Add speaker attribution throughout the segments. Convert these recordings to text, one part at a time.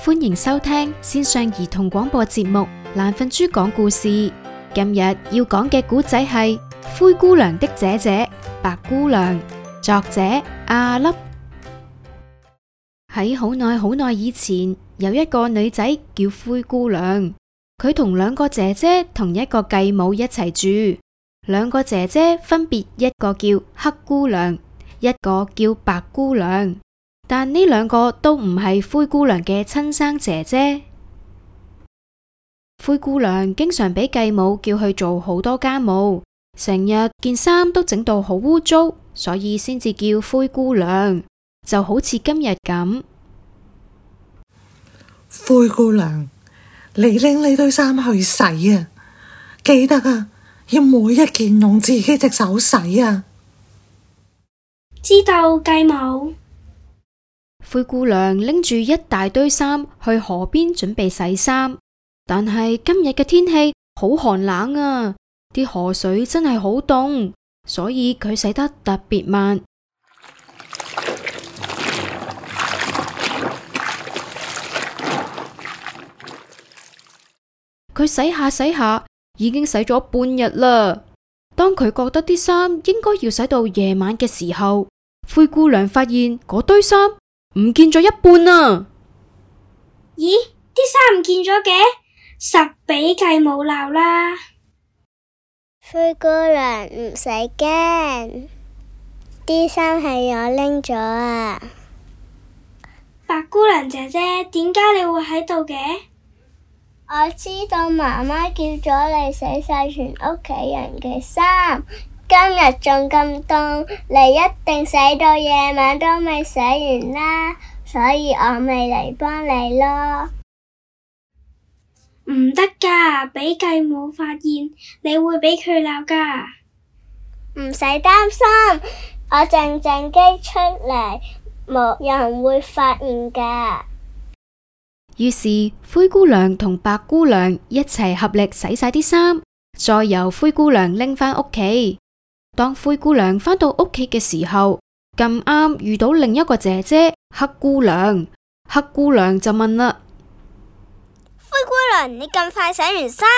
Speaker 1: 歡迎收聽綫上兒童廣播節目《爛瞓豬講故事》。今日要講嘅古仔係《灰姑娘的姐姐白姑娘》，作者阿、啊、粒。喺好耐好耐以前，有一個女仔叫灰姑娘，佢同兩個姐姐同一個繼母一齊住。兩個姐姐分別一個叫黑姑娘，一個叫白姑娘。但呢兩個都唔係灰姑娘嘅親生姐姐。灰姑娘經常俾繼母叫佢做好多家務，成日件衫都整到好污糟，所以先至叫灰姑娘，就好似今日咁。
Speaker 2: 灰姑娘，你拎呢堆衫去洗啊！記得啊，要每一件用自己隻手洗啊！
Speaker 1: 知道，繼母。灰姑娘拎住一大堆衫去河邊準備洗衫，但係今日嘅天氣好寒冷啊！啲河水真係好凍，所以佢洗得特別慢。佢洗下洗下，已經洗咗半日啦。當佢覺得啲衫應該要洗到夜晚嘅時候，灰姑娘發現嗰堆衫。唔見咗一半啊！
Speaker 2: 咦，啲衫唔見咗嘅，十比計冇鬧啦。灰姑娘唔使驚，啲衫係我拎咗啊！白姑娘姐姐，點解你會喺度嘅？我知道媽媽叫咗你洗晒全屋企人嘅衫。今日仲咁凍，你一定洗到夜晚都未洗完啦，所以我咪嚟幫你咯。唔得噶，俾繼母發現，你會俾佢鬧噶。唔使擔心，我靜靜雞出嚟，冇人會發現噶。
Speaker 1: 於是灰姑娘同白姑娘一齊合力洗晒啲衫，再由灰姑娘拎返屋企。當灰姑娘返到屋企嘅時候，咁啱遇到另一個姐姐黑姑娘。黑姑娘就問啦：
Speaker 2: 灰姑娘，你咁快洗完衫？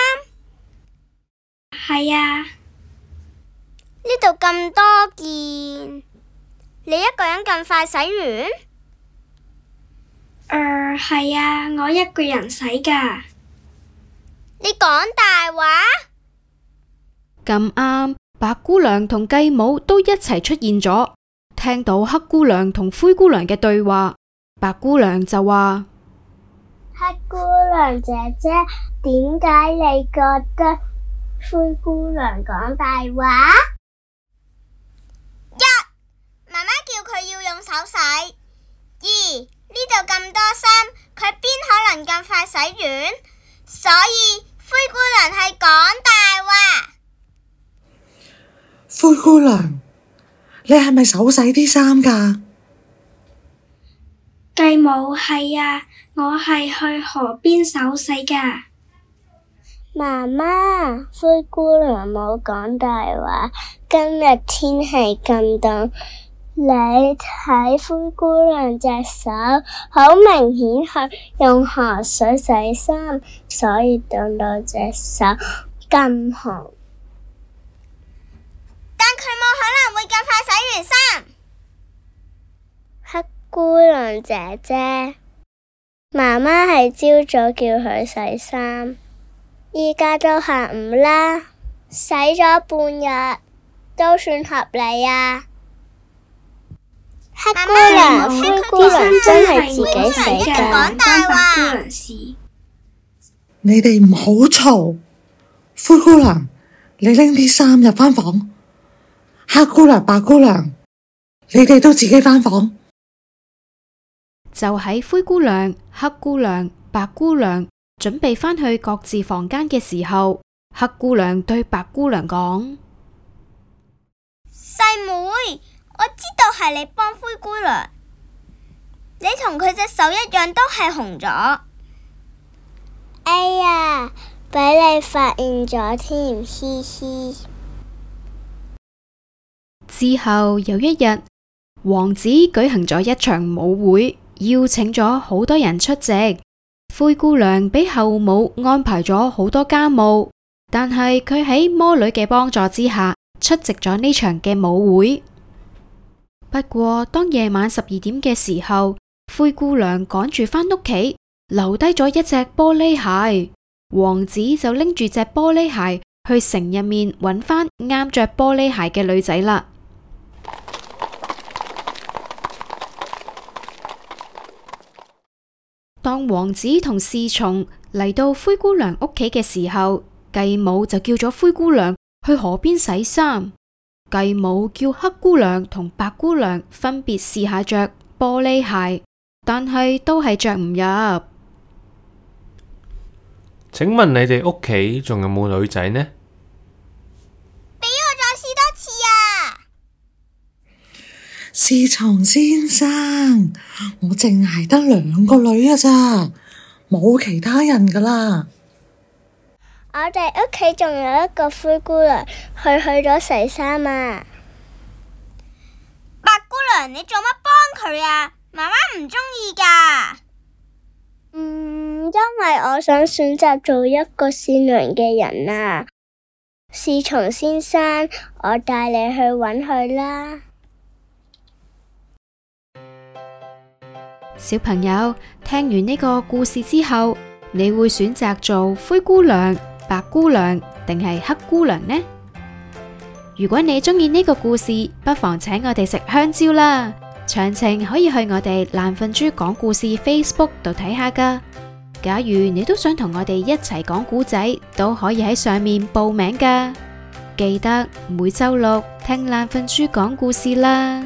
Speaker 2: 係啊，呢度咁多件，你一個人咁快洗完？呃，係啊，我一個人洗噶。你講大話？
Speaker 1: 咁啱。白姑娘同繼母都一齊出現咗，聽到黑姑娘同灰姑娘嘅對話，白姑娘就話：
Speaker 2: 黑姑娘姐姐，點解你覺得灰姑娘講大話？一，媽媽叫佢要用手洗；二，呢度咁多衫，佢邊可能咁快洗完？所以灰姑娘係講。灰姑娘，你係咪手洗啲衫噶？繼母係啊，我係去河邊手洗噶。媽媽，灰姑娘冇講大話。今日天，天氣咁凍，你睇灰姑娘隻手好明顯係用河水洗衫，所以凍到隻手咁紅。姑娘姐姐，媽媽係朝早叫佢洗衫，依家都下午啦，洗咗半日都算合理啊。媽媽，黑姑娘、灰姑娘真係自己洗噶。講大話，你哋唔好嘈，灰姑娘，你拎啲衫入翻房。黑姑娘、白姑娘，你哋都自己翻房。
Speaker 1: 就喺灰姑娘、黑姑娘、白姑娘準備返去各自房間嘅時候，黑姑娘對白姑娘講：
Speaker 2: 細妹，妹，我知道係你幫灰姑娘，你同佢隻手一樣都係紅咗。哎呀，畀你發現咗添，嘻嘻。
Speaker 1: 之後有一日，王子舉行咗一場舞會。邀請咗好多人出席，灰姑娘俾後母安排咗好多家務，但係佢喺魔女嘅幫助之下出席咗呢場嘅舞會。 不過當夜晚十二點嘅時候，灰姑娘趕住返屋企，留低咗一隻玻璃鞋，王子就拎住隻玻璃鞋去城入面揾翻啱着玻璃鞋嘅女仔啦。當王子同侍從嚟到灰姑娘屋企嘅時候，繼母就叫咗灰姑娘去河邊洗衫。繼母叫黑姑娘同白姑娘分別試下着玻璃鞋，但係都係着唔入。請問你哋屋企仲有冇女仔呢？
Speaker 2: 侍從先生，我淨係得兩個女咋，冇其他人噶啦。我哋屋企仲有一個灰姑娘，佢去咗洗衫啊。白姑娘，你做乜幫佢啊？媽媽唔鍾意噶。嗯，因為我想選擇做一個善良嘅人啊。侍從先生，我帶你去搵佢啦。
Speaker 1: 小朋友，聽完呢個故事之後，你會選擇做灰姑娘、白姑娘定係黑姑娘呢？如果你中意呢個故事，不妨請我哋食香蕉啦。詳情可以去我哋爛瞓豬講故事 Facebook 度睇下噶。假如你都想同我哋一齊講故仔，都可以喺上面報名噶。記得每周六聽爛瞓豬講故事啦。